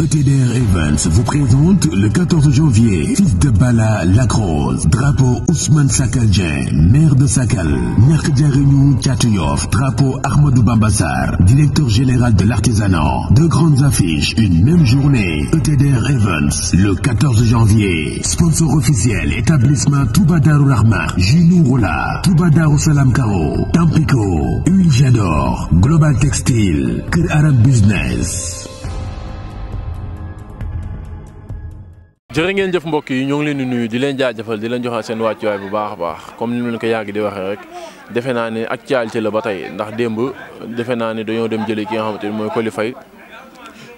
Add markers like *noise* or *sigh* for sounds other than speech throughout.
ETDR Events vous présente le 14 janvier, fils de Bala Lacrosse, drapeau Ousmane Sakaljen, maire de Sakal, Réunion Tchatouyov, drapeau Ahmadou Bambassar, directeur général de l'artisanat. Deux grandes affiches, une même journée, ETDR Events, le 14 janvier, sponsor officiel, établissement Toubadar Rahmar, Junou Rola, Toubadar Salam Karo, Tampico, Huile Global Textile, Kir Arab Business. jëre ngeen jëf mbokk yi ñoo ngi leen di nuyu di leen jaajëfal di leen joxal seen wàccuwaay bu baax a baax comme ni mu leen ko yàgg di waxee rek defe naa ne actualité la ba tey ndax démb defe naa ne dañoo dem jële ki nga xamante ne mooy Coly Faye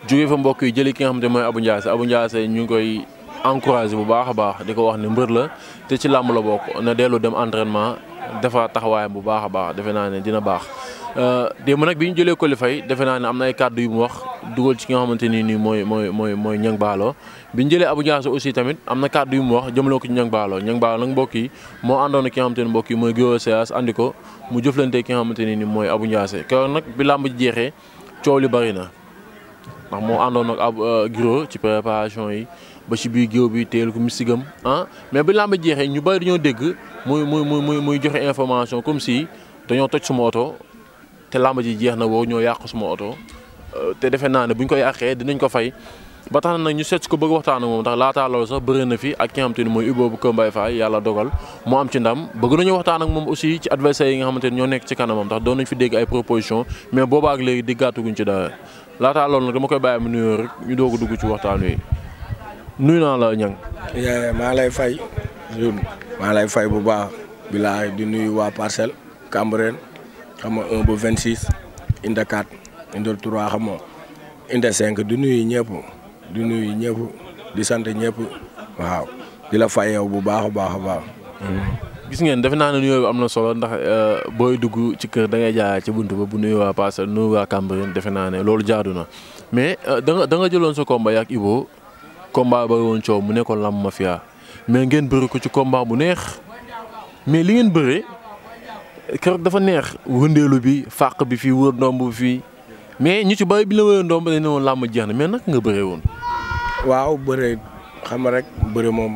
jóge fa mbokk yi jëli ki nga xamante ne mooy abu Ndiassé abu Ndiassé ñu ngi koy encouragé bu baax a baax di ko wax ne mbër la te ci làmb la bokk na dellu dem entraînement dafa taxawaayam bu baax a baax defe naa ne dina baax Euh, démb nag bi ñu jëlee Coly Faye defe naa ne am na ay kàddu yu mu wax dugal ci ki xamante ni nii mooy mooy mooy mooy Niang Ballo bi ñu jëlee Abou Diassé aussi tamit am na kàddu yu mu wax jëmale ko ci Niang Ballo Niang Ballo nag mbokk yi moo àndoon ki nga xamante yi mooy Guèye Séas andi ko mu jëflante ki nga xamante ni nii mooy Abou Diassé keroog nag bi làmb ji jeexee coow li bari na ndax moo àndoon ak ab euh, giro ci préparation yi ba ci biir géew bi teel ko misigam ah mais bi làmb jeexee ñu bari dañoo dégg muy muy muy muy joxe information comme si dañoo toj suma oto te làmb ji jeex na woo ñoo yàq suma oto euh, te defe naa ne bu ñu ko yàqee dinañ ko fay ba tax na nag ñu seet ko bëgg waxtaan ak moom ndax laataa loolu sax bëre na fi ak ki nga xamante ni mooy Ibou bu Kër Mbaye yàlla dogal mu am ci ndam bëgg nañu waxtaan ak moom aussi ci adversaire yi nga xamante ni ñoo nekk ci kanamam ndax doon nañ fi dégg ay proposition mais boobaa ak léegi di gàttuguñ ci dara laataa loolu nag dama koy bàyyi mu nuyoo rek ñu doog a dugg waxtaan wi nuyu naa la ñang maa lay fay maa lay fay bu baax bilaay di nuyu waa Parcelles Cambérène xam nga un ba vingt six inde quatre inde trois xam nga inde cinq du nuyu ñëpp du nuyu ñëpp di sant ñëpp waaw di la fayeew bu baax a baax a baax. gis ngeen defe naa ne nuyoo am na solo ndax euh, booy dugg ci kër da ngay jaar ci bunt ba bu nuyu waa Passe nuyu waa Cambérène defe naa ne loolu jaadu na mais euh, da nga da nga jëloon sa combat ak Ibo combat ba woon coow mu nekkoon ma Mafia mais ngeen bëri ko ci komba bu neex mais li ngeen bëree. keroog dafa neex wëndeelu bi fàq bi fii wër ndomb bi fii mais ñu ci bari bi la wër ndomb dañ ne woon làmb jeex na mais naka nga bëree woon. waaw bëre xam rek bëre moom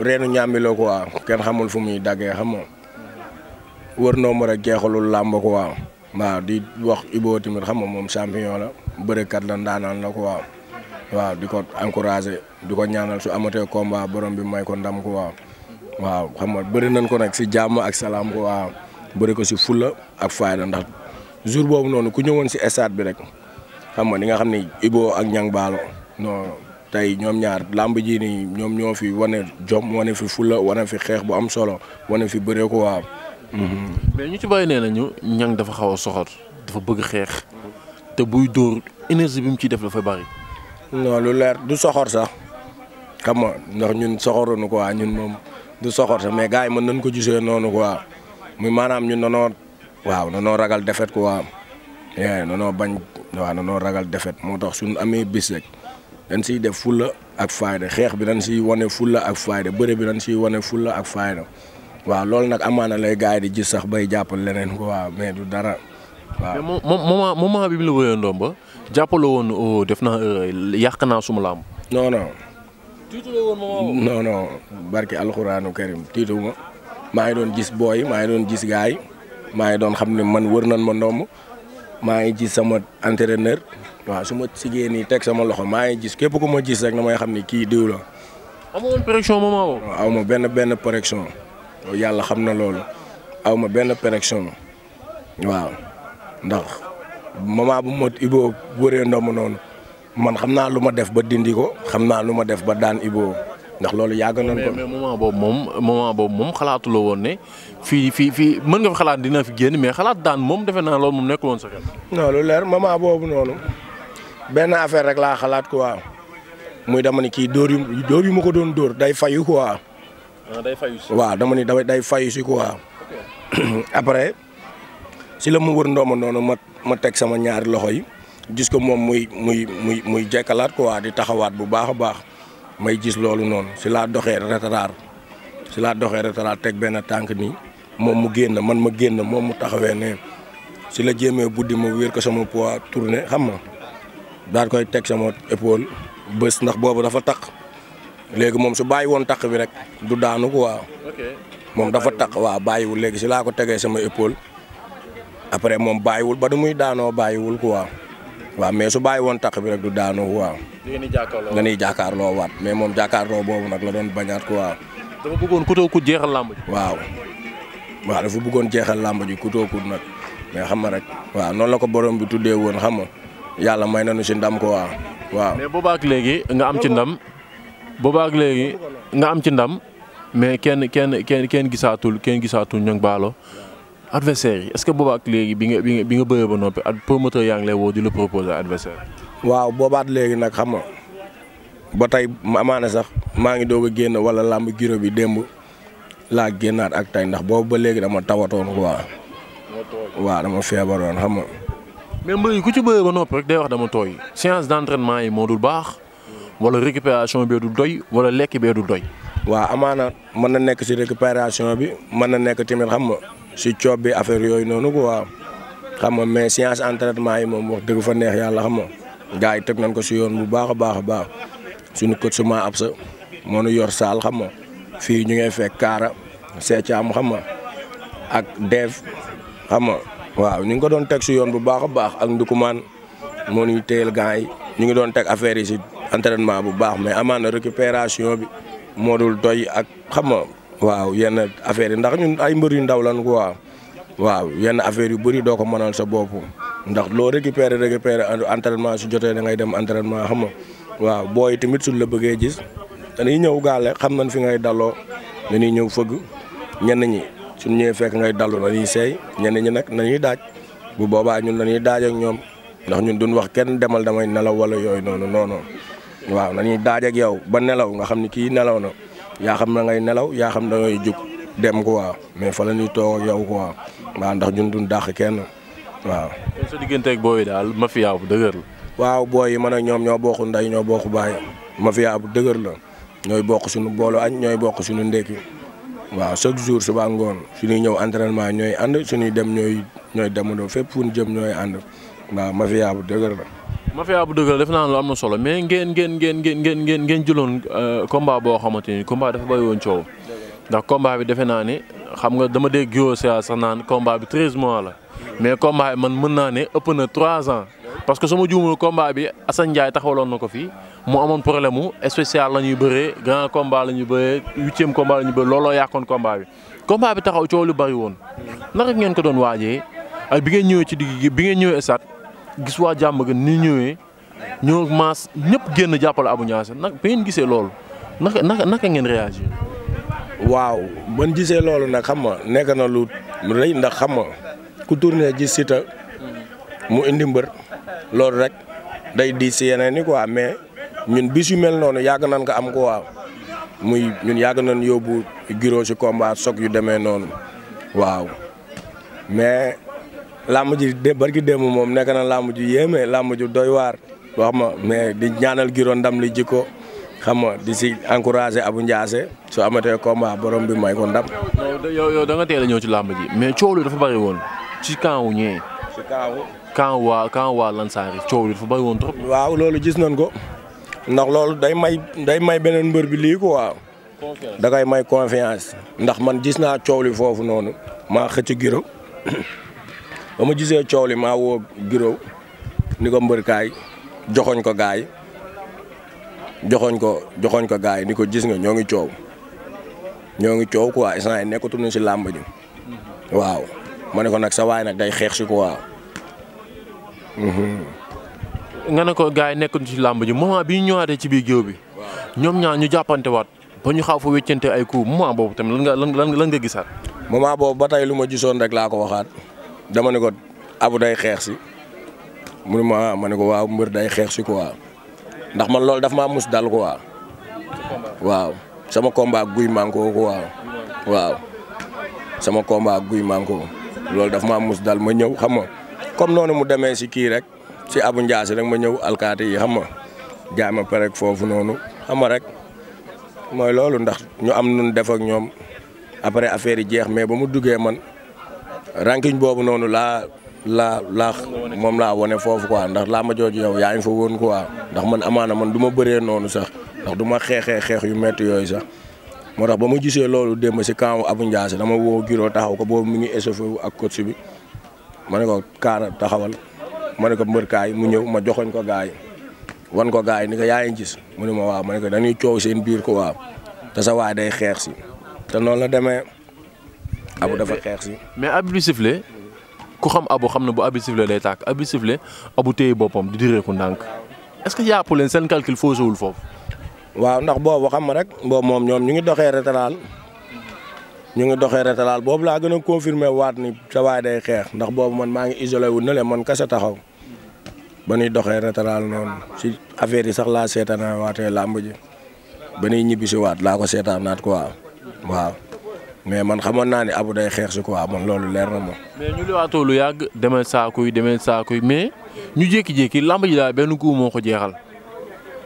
reenu ñaambi la ko waaw kenn xamul fu muy daggee xam moom wër ndomb rek jeexalul làmb ko waaw. waaw di wax Ibo tamit xam moom champion la bërekat la ndaanaan la ko waaw. waaw di ko encouragé di ko ñaanal su amatee combat borom bi may ko ndam ko waaw. waaw xam nga bëri ko nag si jàmm ak salaam bëri ko si fulla ak fayda ndax jour boobu noonu ku ñëwoon si stade bi rek xam nga ni nga xam ne Ibo ak Niang baalo non tey ñoom ñaar làmb ji nii ñoom ñoo fi wane jom wane fi fulla wane fi xeex bu am solo wane fi bëree ko waaw. mais ñu ci bàyyi nee nañu Niang dafa xaw a soxor dafa bëgg xeex te buy dóor énergie bi mu ciy def dafa bari. non lu leer du soxor sax xam nga ndax ñun ko quoi ñun moom du soxor sax mais gars yi mën nañ ko gisee noonu quoi. mu maanaam ñu nonoo waaw nonoo ragal defet ko yeah nonoo bañ waaw nonoo ragal defet moo tax suñu amee bis rek dañ siy def fulla ak fayda xeex bi dañ siy wane fulla ak fayda bëre bi dañ siy wane fulla ak fayda waaw loolu nag amaana lay gars di gis sax bay jàppal leneen ko quoi mais du dara waaw. mais bi mu la wëyoon ndomba jàppaloo woon oh, def na euh, yàq naa suma laam. non tiitu la woon non non barki alxuraanu karim tiitu ma. maa ngi doon gis booy maa ngi doon gis gaay maa ngi doon xam ne man wër nañ ma ndomb maa ngi gis sama entraîneur waaw su ma sigee nii teg sama loxo maa ngi gis képp ko ma gis rek may xam ne kii diw la. amoon pression moment boobu. benn benn pression yàlla xam na loolu aw ma benn pression waaw ndax moment bu ma Ibou wëree ndomb noonu man xam naa lu ma def ba dindi ko xam naa lu ma def ba daan Ibou. ndax loolu yàgg na ko mais moment boobu moom moment boobu moom xalaatuloo woon ne fii fii fii mën nga fi xalaat dina fi génn mais xalaat daan moom defe naa loolu moom nekkul woon sa xel. non lu leer moment boobu noonu benn affaire rek laa xalaat quoi muy dama ni kii dóor yu dóor yu ma ko doon dóor day fayu quoi. Ah, day fayu si waaw dama ni day day fayu si quoi. *clears throat* après si la mu wër ndooma noonu ma ma teg sama ñaari loxo yi gis ko moom muy muy muy muy jekkalaat quoi di taxawaat bu baax a may gis loolu noonu si laa doxee retard si laa doxee retard teg benn tànk nii moom mu génn man ma génn moom mu taxawee ne si la jéemee buddi ma wér ko sama poids tourné xam ma daal koy teg sama épaule bés ndax boobu dafa taq léegi moom su bàyyi woon taq bi rek du daanu ko waaw moom dafa taq waaw bàyyiwul léegi si laa ko tegee sama épaule après moom bàyyiwul ba du muy daanoo bàyyiwul ko waa waaw mais su bàyyi woon taq bi rek du daanu waaw. dañuy jàkkaarloo dañuy jàkkaarloo waat mais moom jàkkaarloo boobu nag la doon bañaat ko waaw. dafa bëggoon kutoo kut jeexal làmb ji. waaw waaw dafa bëggoon jeexal làmb ji kutoo kut nag mais xam nga rek. waaw noonu la ko borom bi tuddee woon xam nga yàlla may na nu si ndam ko waaw. waaw mais boobaak léegi nga am ci ndam boobaak léegi nga am ci ndam mais kenn kenn kenn kenn gisaatul kenn gisaatul ñoŋ baalo. adversaire yi est-ce que ak léegi bi nga bi nga bëree ba noppi ak promoteur yaa ngi lay woo di la proposer adversaire waaw boobaat léegi nag xam nga ba tey amaana sax maa ngi doog a génn wala làmb giro bi démb laa génnaat ak tey ndax boobu ba léegi dama tawatoon quoi. waaw dama feebaroon xam ma mais mbër yi ku ci bëree ba noppi rek day wax dama tooy séance d'entraînement yi moo dul baax wala récupération bee du doy wala lekk bee du doy. waaw amaana mën na nekk bi mën na nekk tamit xam nga. si coob bi affaire yooyu noonu quoi xam nga mais science entraînement yi moom wax dëgg fa neex yàlla xam nga gars yi teg nañ ko si yoon bu baax a baax a baax suñu coach suma ab sa moo nu yor saal xam nga fii ñu ngay fekk kaara seecaam xam nga ak deef xam nga waaw ñu ngi ko doon teg si yoon bu baax a baax ak ndukumaan moo ñuy téyel gars yi ñu ngi doon teg affaire yi si entraînement bu baax mais amaan na récupération bi moo dul doy ak xam nga waaw yenn affaire yi ndax ñun ay mbër yu ndaw lan quoi waaw yenn affaire yu bëri doo ko mënal sa bopp ndax loo récupéré récupéré entraînement su jotee da ngay dem entraînement xam nga waaw booy tamit suñ la bëggee gis dañuy ñëw gaale xam nañ fi ngay daloo dañuy ñëw fëgg ñenn ñi suñ fekk ngay dalu dañuy seey ñenn ñi nag nañuy daaj bu boobaa ñun dañuy daaj ak ñoom ndax ñun duñ wax kenn demal damay nelaw wala yooyu noonu non non waaw nañuy daaj ak yow ba nelaw nga xam ni kii nelaw na. yaa xam na ngay nelaw yaa xam da ngay jug dem ko waa mais fa la nuy toog ak yow quoi waa ndax ñun duñ dàq kenn waaw. sa diggante ak booy daal mafia bu dëgër la. waaw booy yi man ñoom ñoo bokk ndey ñoo bokk baay mafia bu dëgër la ñooy bokk suñu boolu añ ñooy bokk suñu ndekki waaw chaque jour suba ngoon suñuy ñëw entraînement ñooy ànd suñuy dem ñooy ñooy demandoo fépp fu jëm ñooy ànd waaw mafia bu dëgër la. mafia bu dëgg la def naa lu am na solo mais ngeen ngeen ngeen ngeen ngeen euh, boo xamante ni combat dafa bëri woon coow ndax combat bi defe naa ne xam nga dama dégg Guiro sa sax naan combat bi 13 mois la mais combat bi man mën naa ne ëpp na 3 ans parce que sama juumul combat bi Assane Ndiaye taxawaloon na ko fii mu amoon problème mu spécial la ñuy bëree grand combat la ñuy bëree huitième combat la ñuy bëree looloo yàqoon combat bi. combat bi taxaw coow lu bëri woon naka ngeen gis waa jàmm ni ñëwee ñoo maas ñëpp génn jàppale abu Ndiassane nag ba gisee loolu naka naka naka ngeen réagir. waaw man gisee loolu nag xam nga nekk na lu rëy ndax xam nga ku tourné gis Siteu mu indi loolu rek day di si yeneen ni quoi mais ñun bis yu mel noonu yàgg nañ ko am ko waaw muy ñun yàgg nañ yóbbu giro si combat soog yu demee noonu waaw mais. làmb ji dé barki démb moom nekk na làmb ju yéeme làmb ju doy waar. wax ma mais di ñaanal Giro ndam li jikko xam nga di si encouragé abu Ndiassé su amatee combat borom bi may ko ndam. yow yow da nga ñëw ci làmb ji mais coow li dafa bëri woon ci camp wu ñëwee. ci camp wu. camp waa camp waa Lansari coow li dafa bëri woon trop. waaw loolu gis nañ ko ndax loolu day may day may beneen mbër bi lii quoi. da may confiance. ndax man gis naa coow li foofu noonu maa xëcc Giro ba ma jisee coow li maa woo bureau ni ko mbërkaay joxoñ ko gaay joxoñ ko joxoñ ko gaay ni ko gis nga ñoo ngi coow ñoo ngi coow quoi instant yi nekkatu si làmb ji waaw ma ne ko nag sa waay nag day xeex si quoi. Mhm. nga ko gars yi nekkul ci làmb ji moment bi ñu ñëwaatee ci biir géew bi. ñoom ñaan ñu jàppante waat ba ñu xaw fa wéccante ay coups moment boobu tamit lan nga lan lan nga gisaat. moment boobu ba tey lu ma jisoon rek laa ko waxaat. dama ne ko abu day xeex si mu ne ma ah, ma ne ko waaw mbër day xeex si quoi ndax man loolu daf ma mus dal quoi waaw sama combat guy manko quoi waaw sama combat guy manko loolu daf maa mus dal ma ñëw xam nga comme noonu mu demee si kii rek si abu njaasi rek ma ñëw alkaati yi xam nga jaay ma parek foofu noonu xam nga rek mooy loolu ndax ñu am nun def ak ñoom après affaire yi jeex mais ba mu duggee man. ranking boobu noonu laa laa laa moom laa wone foofu waa ndax laa ma jooju yow yaa ngi fa ko waa ndax man amaana man duma bëree noonu sax ndax du ma xeexee xeex yu métti yooyu sax moo tax ba ma jisee loolu démb si camp Abou Ndiassé dama woo Giro taxaw ko boobu mu ngi échauffé ak coach bi ma ne ko kaara taxawal ma ne ko mbërkaay mu ñëw ma joxoñ ko gars yi wan ko gars yi ni yaa ngi gis mu ne ma waaw ma ne ko dañuy coow seen biir ko waaw te sa waay day xeex si te noonu la demee. abu dafa xeex si. mais abi bi ku xam abu xam na bu abi sifflé lay tàkk abi sifflé abu téye boppam di direeku ndànk est-ce que yàpp leen seen calcul faussé wul foofu. waaw ndax boobu xam na rek boobu moom ñoom ñu ngi doxee retalaal ñu ngi doxee retalaal boobu laa gën a confirmé waat ni sa waay day xeex ndax boobu man maa ngi isolé wu ne le man kese taxaw ba ñuy doxee retalaal noonu si affaire yi sax laa seetaanawaatee làmb ji ba ñuy ñibbisi waat laa ko seetaanaat quoi waaw. mais man xamoon naa ne abu day xeex si quoi man loolu leer na ma. mais ñu lewaatoo lu yàgg demee saako yi demee saako yi mais ñu jékki-jékki lamb ji daal benn coup moo ko jeexal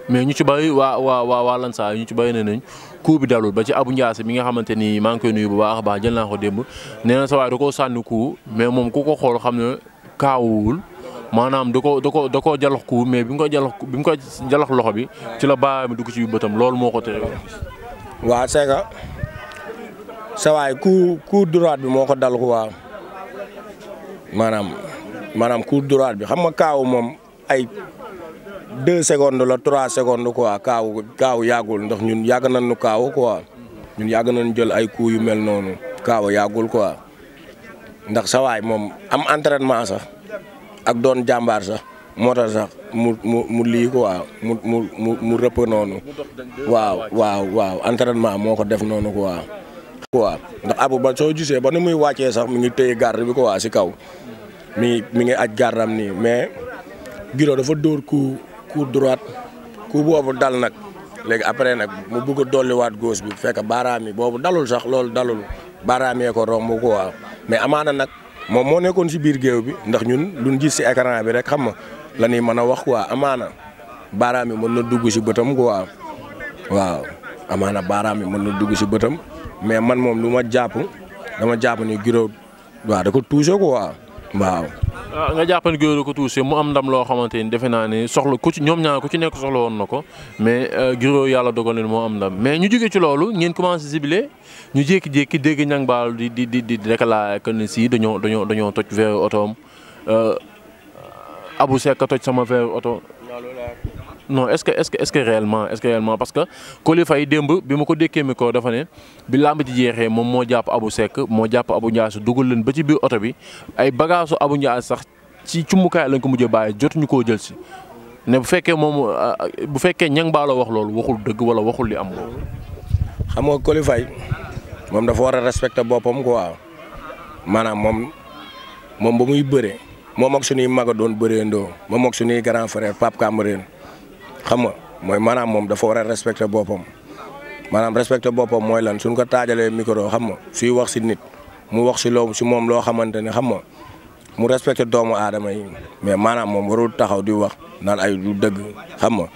mais ñu ci bari waa waa waa waa Lansar ñu ci bari ne nañ coup bi dalul ba ci Abou Ndiasse mi nga xamante ni maa ngi koy nuyu bu baax a baax jël naa ko démb nee sa waay da koo sànni coup mais moom ku ko xool xam ne kaawuwul maanaam da ko da ko da koo jalox coup mais bi mu ko jalox bi mu ko jalox loxo bi ci la baa dugg ci bëtam loolu moo ko tere. sa waay coup coup bi moo ko dal waa maanaam maanaam coup droit bi xam nga kaaw moom ay deux secondes la trois secondes quoi kaaw kaaw yàggul ndax ñun yàgg nañu kaaw quoi ñun yàgg nañu jël ay coups yu mel noonu kaaw yàggul quoi ndax sa waay moom am entraînement sax ak doon jàmbaar sax moo tax sax mu mu mu lii quoi mu mu mu mu rëpp noonu waaw waaw waaw entraînement moo ko def noonu waa quoi ndax abu ba soo gisee ba nu muy wàccee sax mu ngi téye garde bi ko waa si kaw mi mi ngi aj gardam nii mais giro dafa dóor ku coup droite ku boobu dal nag léegi après nag mu bugg a dolliwaat gauche bi fekk baaraam yi boobu dalul sax loolu dalul baaraam yee ko romb quoi mais amaana nag moom moo nekkoon si biir géew bi ndax ñun luñ gis si écran bi rek xam nga la ñuy mën a wax waa amaana baaraam yi mën na dugg si bëtam quoi waaw amaana baaraam yi mën na dugg si bëtam. mais man moom lu ma jàpp dama jàpp ni Giro waa da ko touché quoi waaw. Ah, nga jàpp ne Giro da ko touché mu am ndam loo xamante ni defe naa ne soxla ku ci ñoom ñaar ku ci nekk soxla woon na ko mais euh, Giro yàlla dogal na moo am ndam mais ñu jóge ci loolu ngeen commencé zibilé ñu jékki-jékki dégg ñang baal di di di di déclaré que ne si dañoo dañoo dañoo toj verre otoom euh, Abou Seck a toj sama verre oto. non est-ce que est-ce que est-ce que réellement est-ce que réellement parce que Coly Faye bi ma ko mi ko dafa né bi je ji jeexee moom Abou mo japp Abou leen ba ci bi auto bi ay Abou sax ci lañ ko baye jot ñu ko jël si né bu féké mom euh, bu féké ñang ba la wax loolu waxul dëgg wala waxul li am xam nga dafa wara respecter bopam quoi manam mom mom bu muy mom ak suñuy ak suñuy grand frère xam nga mooy maanaam moom dafa war a respecté boppam maanaam respecté boppam mooy lan suñ ko taajalee micro xam nga suy wax si nit mu wax si loo si moom loo xamante ne xam nga mu respecté doomu aadama yi mais maanaam moom warul taxaw di wax naan ay du dëgg xam nga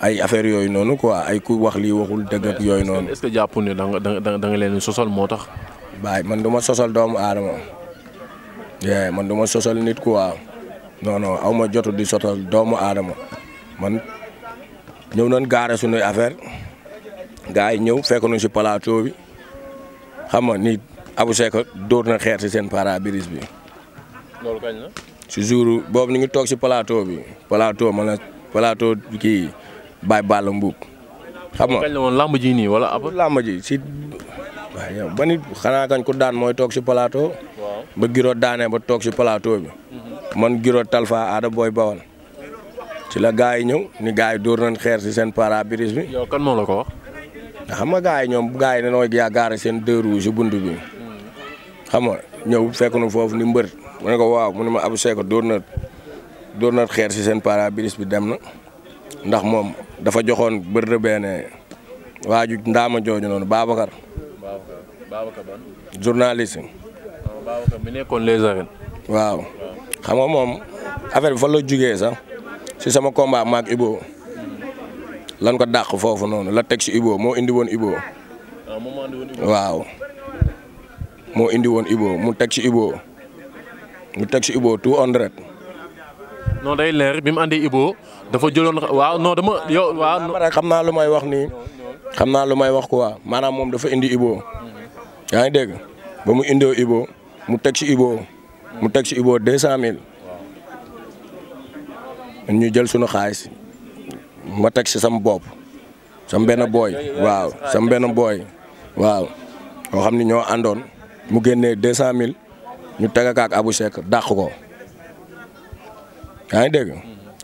ay affaire yooyu noonu quoi ay ku wax lii waxul dëgg yooyu noonu. est-ce que jàpp ne da nga da leen sosal moo tax. baay man du ma sosal doomu aadama man du sosal nit quoi waaw non aw ma jotu di sosal doomu aadama man. ñëw nañ gaare suñuy affaire gars ñëw fekk nañu si plateau bi xam nga ni abu Seck dóor na xeer si seen pare-brise bi. loolu kañ si jour boobu ñu ngi toog si plateau bi plateau ma ne plateau kii Baye xam nga kañ la woon ji nii wala ab. làmb ji si waaw ba nit xanaa kañ ku daan mooy toog si plateau. ba Giro daanee ba toog si plateau bi. Mhm. man Giro Talfa Ada Boy Bawal. ci la gars yi ñëw ni gars yi dóor nañ xeer si seen pare-brise bi. yow kan moo la ko wax. xam nga gars yi ñoom gars yi dañoo yaakaar seen deux roues si bunt bi xam nga ñëw fekk na foofu ni mbër mu ne ko waaw mu ne ma Abou Seck dóor na na xeer si seen pare-brise bi dem na ndax moom dafa joxoon bër waa ju ndaama jooju noonu Babacar. Babacar ban. journaliste. Ah, Babacar mi nekkoon les arènes. waaw xam nga moom affaire bi fa la jugee sax. si sama combat maak Ibo lan ko dàq foofu noonu la teg si Ibo moo indi woon Ibo. waaw moo indi woon Ibo mu teg si Ibo mu teg si Ibo tout hundred day leer bi mu andi Ibo dafa jëloon waaw non dama yow xam naa lu may wax nii xam naa lu may wax quoi maanaam moom dafa indi Ibo yaa ngi dégg ba mu indoo Ibo mu teg si Ibo mu teg si Ibo deux cent mille ñu jël suñu xaalis ma teg si sama bopp sam benn booy waaw sam benn booy waaw yoo xam ni ñoo àndoon mu génnee deux cent mille ñu teg a ak abu sek dàq ko yaa ngi dégg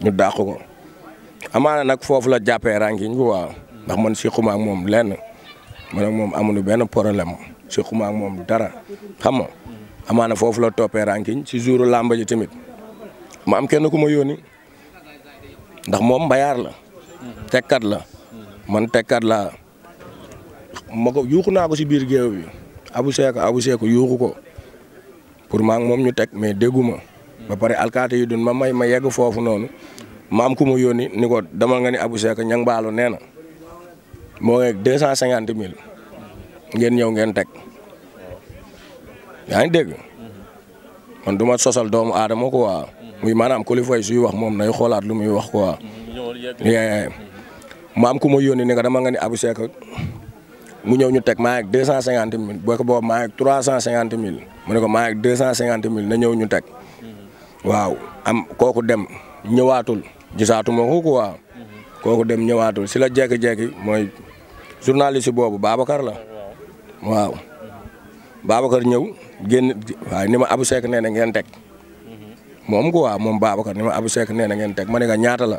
ñu dàq ko amaana nag foofu la jàppee rànkiñ ko waaw ndax man si xuma ak moom lenn man ak moom amuñu benn problème si xuma moom dara xam nga amaana foofu la toppee rànkiñ si jouru làmba ji tamit ma am kenn ku ma yónni ndax moom mbayaar la tekkat la man tekkat laa ma ko yuuxu naa ko si biir géew bi abu seeko abu seeko yuuxu ko pour maa moom ñu teg mais dégguma ba pare alkaati yi dun ma may ma yegg foofu noonu maam ku ma yónni ni ko demal nga ni abu seeko ñang baalo nee na moo ngeeg deux cent cinquante mille ngeen ñëw ngeen teg yaa ngi dégg man duma sosal doomu aadama ko waa muy maanaam Coly Faye suy wax moom nay xoolaat lu muy wax quoi. ma am ku ma yónni ne nga dama nga ni Abou Seck mu ñëw ñu teg maa ngi ak deux cent cinquante mille boo ko boobu maa ngi ak trois cent cinquante mille mu ne ko maa ngi ak deux cent cinquante mille na ñëw ñu teg waaw am kooku dem ñëwaatul gisaatuma ko quoi kooku dem ñëwaatul si la jékki-jékki mooy journaliste boobu Babacar la waaw Babacar ñëw génn waaye ni ma Abou Seck nee na ngeen teg. moom ko waa moom Babacar ni ma Abou Seck nee na ngeen teg ma ne ka ñaata la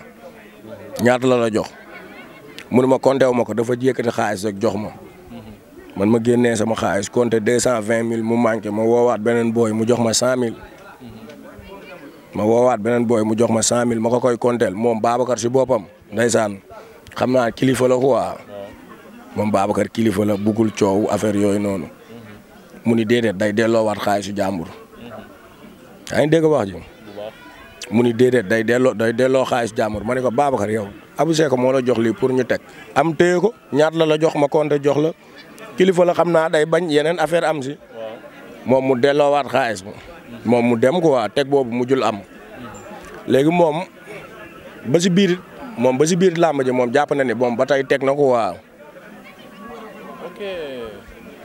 ñaata la la jox nu ma compté wu ma ko dafa yëkkati xaalis rek jox ma man ma génnee sama xaalis compté deux cent vingt mille mu manqué ma woowaat beneen booy mu jox ma cent mil ma woowaat beneen booy mu jox ma cent mille ma ko koy compteel moom Babacar si boppam ndeysaan xam naa kilifa la waa moom Babacar kilifa la buggul coow affaire yooyu noonu mu ni déedéet day delloowaat xaalisu jàmbur yaa ngi dégg wax ji mu ni déedéet day delloo day delloo xaalis jaamur ma ne ko Babacar yow Abou Seko moo la jox lii pour ñu teg am téye ko ñaat la la jox ma compté jox la kilifa la xam naa day bañ yeneen affaire am si moom mu delloowaat xaalis ba moom mu dem waa teg boobu mu jul am léegi moom ba si biir moom ba si biir làmb ji moom jàpp na ni moom ba tey teg na ko waaw. ok.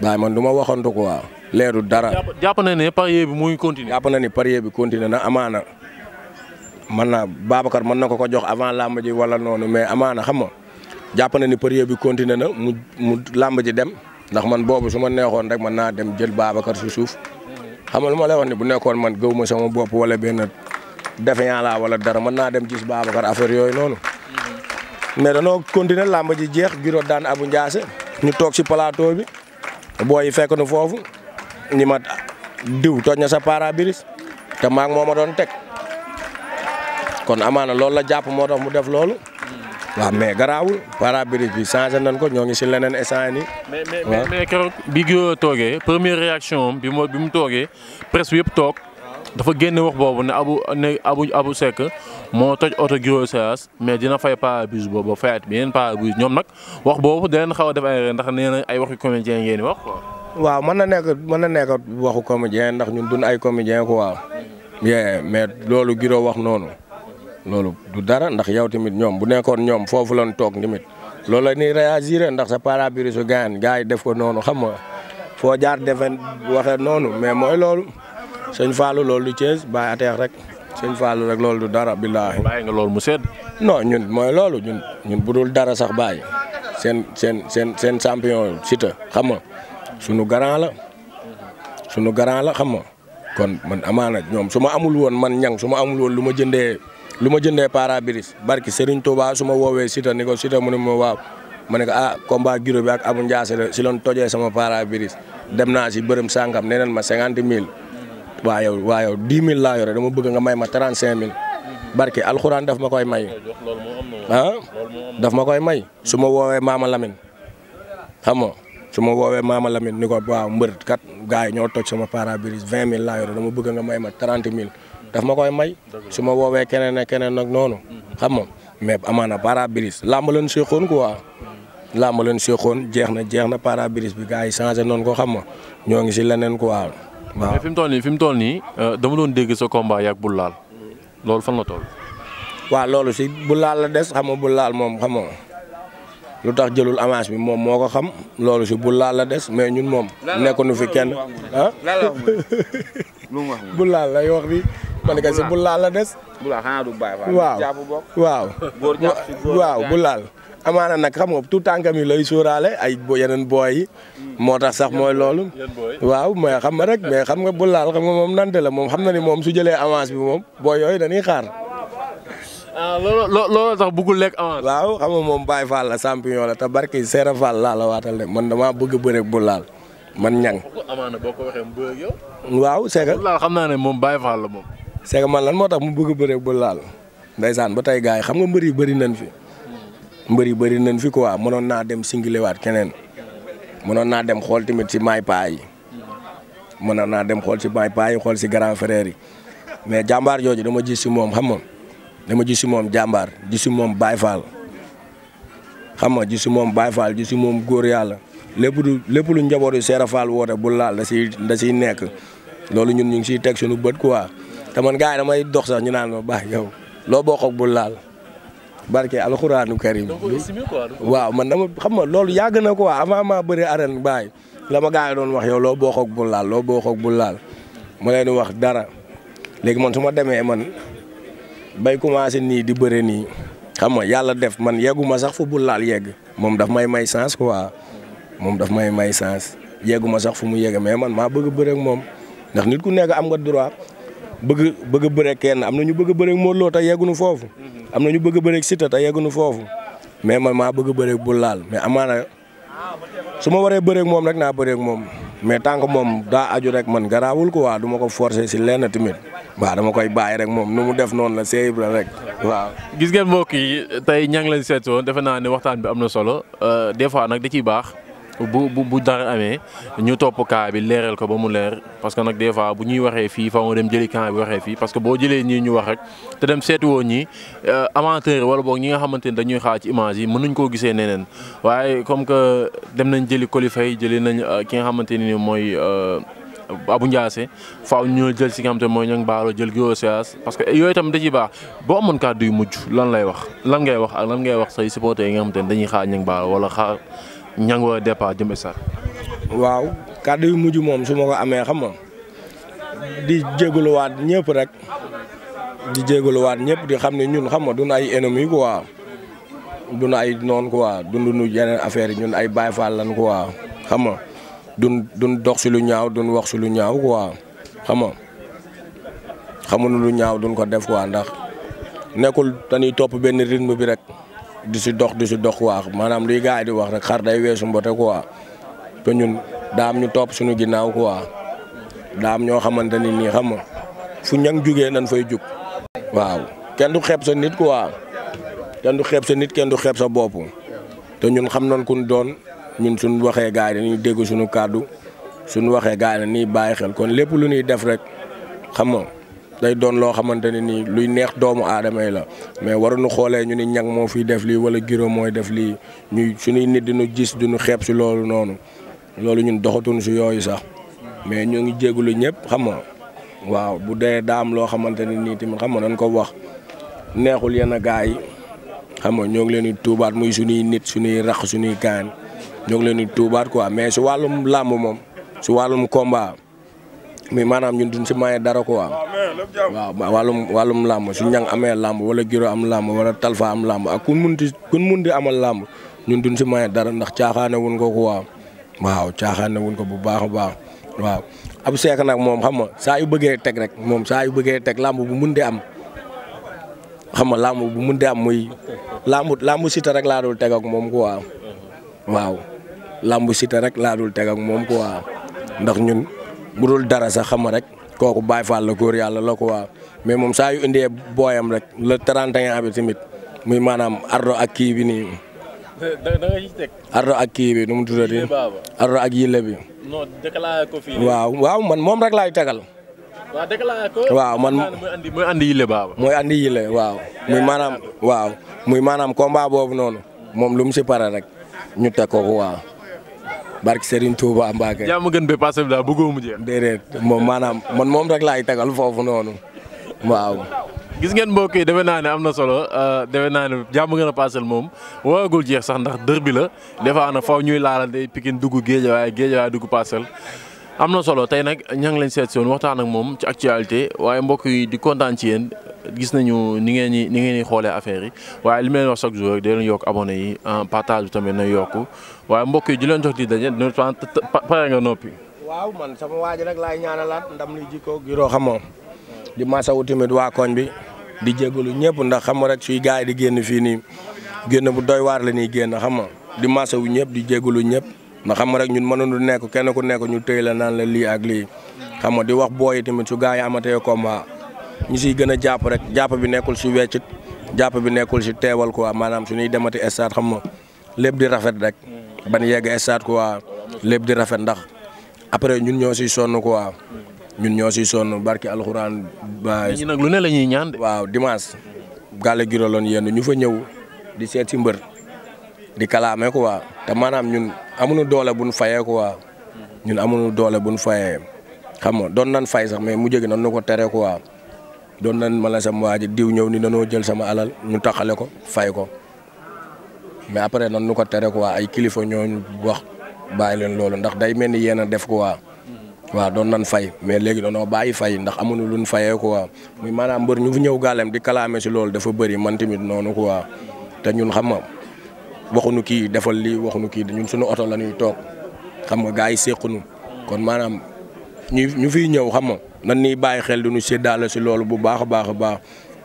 waaye man du ma waxantu ko waaw. leeru dara. jàpp na ne parier bi muy continuer. jàpp na ni parier bi continuer na amaana. mën naa Babacar mën na ko ko jox avant lamba ji wala noonu mais amaana xam nga jàpp na ni période bi continué na mu mu làmb ji dem ndax man boobu su ma neexoon rek mën naa dem jël Babacar si suuf xama nga lu ma lay wax ni bu nekkoon man gëw ma sama bopp wala benn defeñaa laa wala dara mën naa dem gis Babacar affaire yooyu noonu. mais danoo continuer làmb ji jeex Giro daan Abu Ndiaase ñu toog si plateau bi booy yi fekk nu foofu ñi ma diw toj na sa pare-brise te maag moo ma doon teg. kon amaana loolu la jàpp moo tax mu def loolu. waaw mais garaawul pare-brise bi changé nañ ko ñoo ngi si leneen instant ni nii. mais mais mais keroog bi nga toogee première réaction am bi mu bi mu toogee presse yëpp toog. dafa génn wax boobu ne abu ne abu abu Seck moo toj oto Guiro Séras mais dina fay pare-brise boobu fayaat bi yeneen pare-brise ñoom nag wax boobu dinañ xaw a def ay ndax nee na ay waxi comédien ngeen di wax waaw mën na nekk mën na nekk waxu comédien ndax ñun dun ay comédien quoi. bien mais loolu Guiro wax noonu. loolu du dara ndax yow tamit ñoom bu nekkoon ñoom foofu lañ toog tamit loolu la ñuy réagir ndax sa parapluie su gaañ yi def noonu xam nga foo jaar defen waxee noonu mais mooy loolu sëñ Fallou loolu du Thiès bàyyi ateex rek sëñ Fallou rek loolu du dara billaahi. bàyyi nga loolu mu sedd. non ñun mooy loolu ñun ñun bu dul dara sax baay seen seen seen seen champion Siteu xam nga sunu garant la sunu garant la xam nga kon man amaana ñoom su ma amul woon man ñang su ma amul woon lu ma jëndee. lu ma jëndee pare barki Serigne Touba su ma woowee Siteu ni ko Siteu mu ne ma waaw ma ne ko ah combat giro bi ak Abou Ndiassé la si loon tojee sama pare-brise dem naa si bërëm sàngam nee nañ ma cinquante mille waa yow waa yow dix mille laa dama bëgg nga may ma trente cinq mille barki alxuraan daf ma koy may ah daf ma koy may su ma woowee Maama Lamine xam nga su ma woowee Maama Lamine ni ko waaw mbër kat gars yi ñoo toj sama pare-brise vingt mille laa yore dama bëgg nga may ma trente mille daf ma koy may su ma woowee keneen ak keneen nag noonu mm-hmm. xam moom mais amaana pare-brise làmb leen séqoon quoi mm-hmm. làmb leen séqoon jeex na jeex na pare bi gars yi changé noonu ko xam ma ñoo ngi si leneen quoi waaw. mais fi mu toll nii fi mu toll nii euh, dama doon dégg sa combat yàgg bul laal loolu fan la toll. waaw loolu si bu laal la des xama nga bu laal moom xam lu tax jëlul avance bi moom moo ko xam loolu si bu laal la des mais ñun moom. nekkuñu fi kenn ah. bu laal lay wax man de si bu laal la des. bu laal xanaa du bàyyi fa. waaw waaw góor jàpp waaw bu laal. amaana nag xam nga tout tànkam yi lay sóoraale ay yeneen booy moo tax sax mooy loolu. waaw mais xam nga rek mais xam nga bu laal xam moom nante la moom xam na ni moom su jëlee avance bi moom booy yooyu dañuy xaar. ah loolu loolu tax bëggul lekk avance. waaw xam moom Baye Fall la champion la te barki Seera Fall laa la waatal de man damaa bëgg bëre bu laal man ñang amaana boo ko waxee mu bëgg waaw c'est xam naa ne moom Baye la moom. c'est que man lan moo tax mu bëgg a bëre ba laal ndeysaan ba tey gars yi xam nga mbër yi bëri nañ fi mbër yi bëri nañ fi quoi mënoon naa dem singilewaat keneen mënoon naa dem xool tamit si may paa yi mënoon naa dem xool si maay paa xool si grand frère yi mais jàmbaar jooju dama ji si moom xam nga dama ji si moom jàmbaar ji si moom Baye Fall xam nga ji si moom Baye Fall gis si moom góor yàlla lépp du lépp lu njabootu Serap Fall woote bu laal da siy da siy nekk loolu ñun ñu ngi siy teg suñu bët quoi. te man gars yi damay dox sax ñu naan ma baax yow loo bokk ak bul laal barke alxuraanu karim waaw man dama xam ma loolu yàgg na quoi avant maa bëri arène baay la ma gars doon wax yow loo bokk ak bul laal loo bokk ak laal ma leen wax dara léegi man su ma demee man bay commencé nii di bëre nii xam nga yàlla def man yegguma sax fu bul laal yegg moom daf may may sens quoi moom daf may may sens yegguma sax fu mu yegg mais man maa bëgg bëre ak moom ndax nit ku nekk am nga droit bëgg bëgg a bëre kenn am na ñu bëgg a bëre Modou Lo te yegguñu foofu. Mhm. am na ñu bëgg a bëre Siteu te yegguñu foofu mais ma maa bëgg a bul laal mais amaana su ma waree bëreeg moom rek naa bëreeg moom mais tànk moom daa aju rek man garaawul ko waa du ma ko forcer si lenn tamit waaw dama koy bàyyi rek moom nu mu def noonu la seeyib la rek waaw. gis geen mbokk yi tey ña ngi leen seet woon defe naa ne waxtaan bi am na solo euh, des fois nag da ciy baax. bu bu bu dara amee ñu topp kaa bi leeral ko ba mu leer parce que nag des fois bu ñuy waxee fii faaw nga dem jëli kaa bi waxee fii parce que boo jëlee ñii ñu wax rek te dem seetuwoo ñii euh, amateur wala boog ñi nga xamante ni dañuy xaar ci image yi mënuñ koo gisee neneen waaye comme que dem nañ jëli qualifié jëli nañ euh, ki nga xamante ni mooy. Euh, Abu Ndiassé faaw ñu jël si nga mooy ñoom Baalo jël Guiro Séras parce que yooyu tam da ciy boo amoon kàddu yu mujj lan lay wax lan ngay wax ak lan ngay wax say supporter yi nga xam te ne dañuy xaar ñoom Baalo wala xaa ñang wa départ jëm sar waaw kàddu yu mujj moom su ko amee xam nga di jégaluwaat ñépp rek di jégaluwaat ñëpp di xam ne ñun xam nga duñu ay ennemis quoi duñu ay noon quoi dunduñu yeneen affaire yi ñun ay Baay Faal lan quoi xam nga duñ lu ñaaw duñ wax si lu ñaaw quoi xam nga xamuñu lu ñaaw duñ ko def quoi ndax nekkul dañuy topp benn rythme bi rek. di si dox di si dox waax maanaam luy gars yi di wax rek xar day weesu mbote quoi te ñun daa am ñu topp suñu ginnaaw quoi daa am ñoo xamante ni nii xam nga fu ñang jugee nañ fay jóg waaw kenn du xeeb sa nit quoi kenn du xeeb sa nit kenn du xeeb sa boppu te ñun xam nañ kun doon ñun suñu waxee gaa yi dañuy déggu suñu kàddu suñu waxee gars yi dañuy bàyyi xel kon lépp lu ñuy def rek xam nga day doon loo xamante ne nii luy neex doomu aadama yi la mais waruñu xoolee ñu ni ñag moo fiy def lii wala giro mooy def lii ñuy suñuy nit diñu gis duñu xeeb si loolu noonu loolu ñun doxatuñu si yooyu sax mais ñoo ngi jégalu ñëpp xam nga waaw bu dee daam loo xamante ne nii tamit xam nga nañ ko wax neexul yenn gars yi xam nga ñoo ngi leen di tuubaat muy suñuy nit suñuy rax suñuy gaan ñoo ngi leen di tuubaat quoi mais si wàllum làmb moom si wàllum combat mais maanaam ñun duñ si maye dara quoi waaw wàllum wàllum làmb su ñang amee làmb wala giro am làmb wala talfa am làmb ak kun mun di kun mun di amal làmb ñun duñ si maye dara ndax caaxaane wuñ ko quoi waaw caaxaane wuñ ko bu baax a baax waaw ab seek nag moom xam nga saa yu bëggee teg rek moom saa yu bëggee teg làmb bu mun di am xam nga làmb bu mun di am muy làmb làmb Siteu rek laa dul teg ak moom ko waaw làmb Siteu rek laa dul teg ak moom quoi ndax ñun. bu dul dara sax xam rek kooku Baye Fall la góor yàlla la ko waa mais moom saa yu indee booyam rek le 31 bi tamit muy maanaam ardo ak kii bi nii. ardo ak kii bi nu mu tuddati. ardo ak yile bi. waaw waaw man moom rek laay tegal. waaw déclaré ko. man mooy andi yile waaw. muy maanaam waaw muy maanaam combat boobu noonu. moom lu mu si pare rek ñu teg ko waaw. barke Serigne Touba Mbacke. yaa ma gën ba passé bi daal bëggoo mu jeex. déedéet moom maanaam man moom rek laay tegal foofu noonu waaw. gis ngeen mbokk yi defe naa ne am na solo euh, defe naa ne jàmm gën a paaseel moom waragul jeex sax ndax dër bi la des fois nag faw ñuy laalante Pikine dugg Géejawaay Géejawaay dugg paaseel. am na solo tey nag ña ngi leen seet si woon waxtaan ak moom ci actualité waaye mbokk yi di kontaan ci yéen gis nañu ni ngeen ni ngeen xoolee affaire yi waaye li may wax chaque jour rek day leen yokk abonné yi partage bi tamit na yokk waaye mbokk yi di leen jox di daje dina pare nga noppi. waaw man sama waa ji rek laay ñaanalaat ndam li jikko giroo xam di masawu tamit waa koñ bi di jégalu ñëpp ndax xam nga rek suy gars yi di génn fii nii génn bu doy waar la ñuy génn xam nga di masawu ñëpp di jégalu ñëpp ndax xam nga rek ñun mënuñu nekk kenn ku nekk ñu tëy la naan la lii ak lii xam nga di wax booy tamit su gars yi amatee ñu siy gën a jàpp rek jàpp bi nekkul si weccit jàpp bi nekkul si teewal quoi maanaam su ñuy demati stade xam nga lépp di rafet rek ban yegg stade quoi lépp di rafet ndax après ñun ñoo siy sonn quoi ñun ñoo siy sonn barki alxuraan. ba ñu nag lu ne la ñuy ñaan waaw dimanche. gàlle giroloon yenn ñu fa ñëw di seet si mbër di kalaame quoi te maanaam ñun amuñu doole bu ñu fayee quoi ñun amuñu doole bu ñu fayee xam nga doon nan fay sax mais mu jóge nan nu ko tere quoi. doon nan ma la sama waa ji diw ñëw ni danoo jël sama alal ñu taxale ko fay ko mais après nan nu ko tere waa ay kilifa ñooñu wax bàyyi leen loolu ndax day mel ni yéen a def waa waaw doon nan fay mais léegi doonoo bàyyi fay ndax amuñu luñ fayee ko waa muy maanaam mbër ñu fi ñëw gaaleem di kalaame si loolu dafa bëri man tamit noonu waa te ñun xam nga waxuñu kii defal lii waxuñu kii ñun suñu oto la ñuy toog xam nga gars yi séqunu kon maanaam ñu ñu fiy ñëw xam nga nan ni bàyyi xel du ñu daalo si loolu bu baax a baax a baax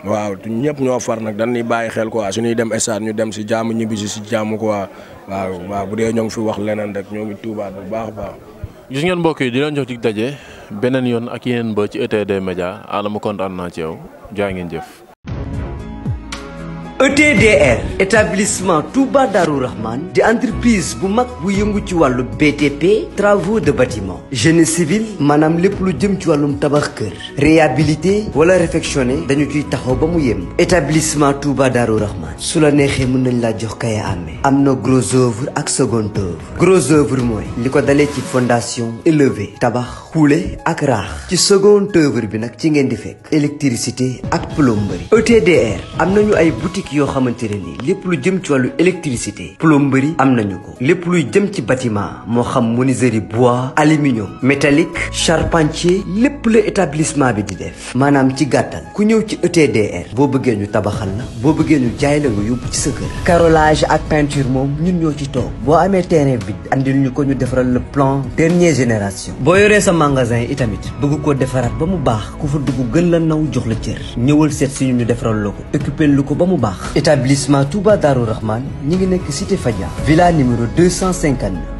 waaw ñëpp ñoo far nag dañuy bàyyi xel ko su suñuy dem stade ñu dem si jàmm ñibbisi si si jàmm quoi waaw waaw bu dee ñoo ngi fi wax leneen rek ñoo ngi tuubaat bu baax a baax. gis ngeen mbokk yi di leen jox ci daje beneen yoon ak yeneen ba ci ETD Média Adama kontaan naa ci yow jaa ngeen jëf. ETDR établissement Touba Darou Rahman di entreprise Boumak mag BTP travaux de bâtiment génie civil Manam lépp lu jëm ci wàllum réhabilité wala réfectionné dañu ciy taxaw ba établissement Touba Darou Rahman Soula la neige mën nañ laa jox kaya gros œuvre ak second œuvre gros œuvre moi li ci fondation élevée tabac houle ak raax ci second œuvre bi nag ci di électricité ak plomberie ETDR amno nañu ay boutique yoo xamante ne lépp lu jëm ci wàllu électricité plomberie am nañu ko lépp luy jëm ci bâtiment moo xam menuiserie bois aluminium métallique charpentier lépp la établissement bi di def maanaam ci gàttal ku ñëw ci ETDR boo bëggee ñu tabaxal la boo bëggee ñu jaay la nga yóbbu ci sa kër carrelage ak peinture moom ñun ñoo ci toog boo amee terrain bi andil ñu ko ñu defaral le plan dernière génération boo yoree sa magasin itamit bëgg koo defaraat ba mu baax ku fa dugg gën la naw jox la cër ñëwal seet si ñu defaral la ko occupé lu ko ba mu baax établissement Touba Darou Rahman ñi ngi nekk cité Fadia villa numéro 259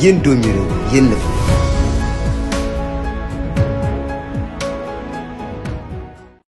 yéen doomi réew